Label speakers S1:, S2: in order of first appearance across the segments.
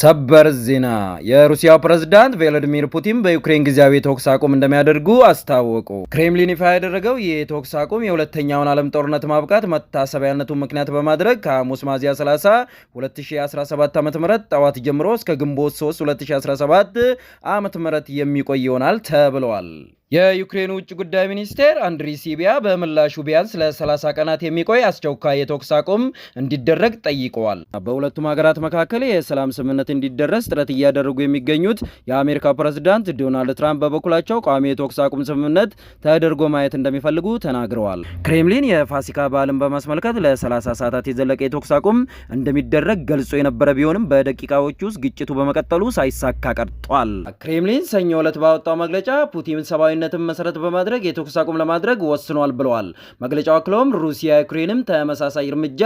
S1: ሰበር ዜና የሩሲያው ፕሬዝዳንት ቬሎዲሚር ፑቲን በዩክሬን ጊዜያዊ የተኩስ አቁም እንደሚያደርጉ አስታወቁ። ክሬምሊን ይፋ ያደረገው ይህ የተኩስ አቁም የሁለተኛውን ዓለም ጦርነት ማብቃት መታሰቢያነቱን ምክንያት በማድረግ ከሐሙስ ሚያዝያ 30 2017 ዓ ም ጠዋት ጀምሮ እስከ ግንቦት 3 2017 ዓ ም የሚቆይ ይሆናል ተብለዋል። የዩክሬን ውጭ ጉዳይ ሚኒስቴር አንድሪ ሲቢያ በምላሹ ቢያንስ ለ30 ቀናት የሚቆይ አስቸኳይ የተኩስ አቁም እንዲደረግ ጠይቀዋል። በሁለቱም ሀገራት መካከል የሰላም ስምምነት እንዲደረስ ጥረት እያደረጉ የሚገኙት የአሜሪካ ፕሬዝዳንት ዶናልድ ትራምፕ በበኩላቸው ቋሚ የተኩስ አቁም ስምምነት ተደርጎ ማየት እንደሚፈልጉ ተናግረዋል። ክሬምሊን የፋሲካ በዓልን በማስመልከት ለ30 ሰዓታት የዘለቀ የተኩስ አቁም እንደሚደረግ ገልጾ የነበረ ቢሆንም በደቂቃዎች ውስጥ ግጭቱ በመቀጠሉ ሳይሳካ ቀርጧል። ክሬምሊን ሰኞ ዕለት ባወጣው መግለጫ ፑቲን ሰብአዊ ተቀባይነትን መሰረት በማድረግ የተኩስ አቁም ለማድረግ ወስኗል ብለዋል። መግለጫው አክለውም ሩሲያ ዩክሬንም ተመሳሳይ እርምጃ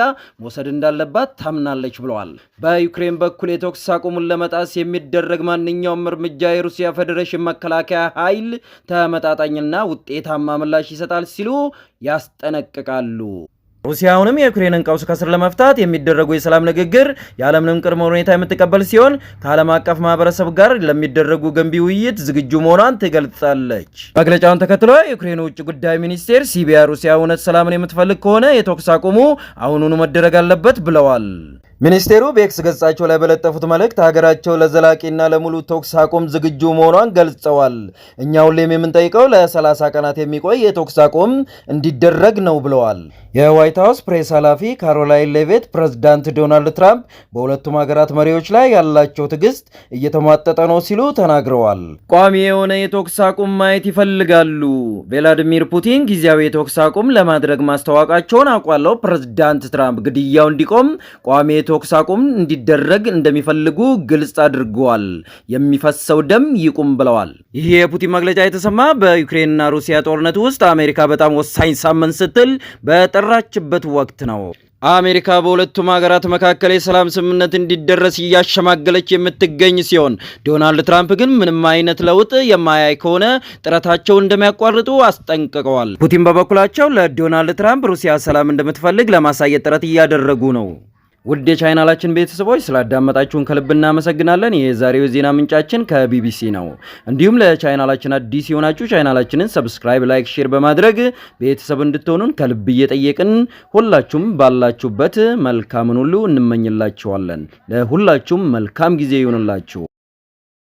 S1: መውሰድ እንዳለባት ታምናለች ብለዋል። በዩክሬን በኩል የተኩስ አቁሙን ለመጣስ የሚደረግ ማንኛውም እርምጃ የሩሲያ ፌዴሬሽን መከላከያ ኃይል ተመጣጣኝና ውጤታማ ምላሽ ይሰጣል ሲሉ ያስጠነቅቃሉ። ሩሲያ አሁንም የዩክሬንን ቀውስ ከስር ለመፍታት የሚደረጉ የሰላም ንግግር የዓለምንም ቅድመ ሁኔታ የምትቀበል ሲሆን ከዓለም አቀፍ ማህበረሰብ ጋር ለሚደረጉ ገንቢ ውይይት ዝግጁ መሆኗን ትገልጻለች። መግለጫውን ተከትሎ የዩክሬን ውጭ ጉዳይ ሚኒስቴር ሲቢያ ሩሲያ እውነት ሰላምን የምትፈልግ ከሆነ የተኩስ አቁሙ አሁኑኑ መደረግ አለበት ብለዋል። ሚኒስቴሩ በኤክስ ገጻቸው ላይ በለጠፉት መልእክት ሀገራቸው ለዘላቂና ለሙሉ ተኩስ አቁም ዝግጁ መሆኗን ገልጸዋል። እኛ ሁሌም የምንጠይቀው ለ30 ቀናት የሚቆይ የተኩስ አቁም እንዲደረግ ነው ብለዋል። የዋይት ሀውስ ፕሬስ ኃላፊ ካሮላይን ሌቬት ፕሬዝዳንት ዶናልድ ትራምፕ በሁለቱም ሀገራት መሪዎች ላይ ያላቸው ትዕግስት እየተሟጠጠ ነው ሲሉ ተናግረዋል። ቋሚ የሆነ የተኩስ አቁም ማየት ይፈልጋሉ። ቬላዲሚር ፑቲን ጊዜያዊ የተኩስ አቁም ለማድረግ ማስታወቃቸውን አውቋለሁ ፕሬዝዳንት ትራምፕ ግድያው እንዲቆም ቋሚ የተኩስ አቁም እንዲደረግ እንደሚፈልጉ ግልጽ አድርገዋል። የሚፈሰው ደም ይቁም ብለዋል። ይህ የፑቲን መግለጫ የተሰማ በዩክሬንና ሩሲያ ጦርነት ውስጥ አሜሪካ በጣም ወሳኝ ሳምንት ስትል በጠራችበት ወቅት ነው። አሜሪካ በሁለቱም ሀገራት መካከል የሰላም ስምምነት እንዲደረስ እያሸማገለች የምትገኝ ሲሆን ዶናልድ ትራምፕ ግን ምንም አይነት ለውጥ የማያይ ከሆነ ጥረታቸው እንደሚያቋርጡ አስጠንቅቀዋል። ፑቲን በበኩላቸው ለዶናልድ ትራምፕ ሩሲያ ሰላም እንደምትፈልግ ለማሳየት ጥረት እያደረጉ ነው። ውድ የቻይናላችን ቤተሰቦች ስላዳመጣችሁን ከልብ እናመሰግናለን። የዛሬው የዜና ምንጫችን ከቢቢሲ ነው። እንዲሁም ለቻይናላችን አዲስ የሆናችሁ ቻይናላችንን ሰብስክራይብ፣ ላይክ፣ ሼር በማድረግ ቤተሰብ እንድትሆኑን ከልብ እየጠየቅን ሁላችሁም ባላችሁበት መልካምን ሁሉ እንመኝላችኋለን። ለሁላችሁም መልካም ጊዜ ይሆንላችሁ።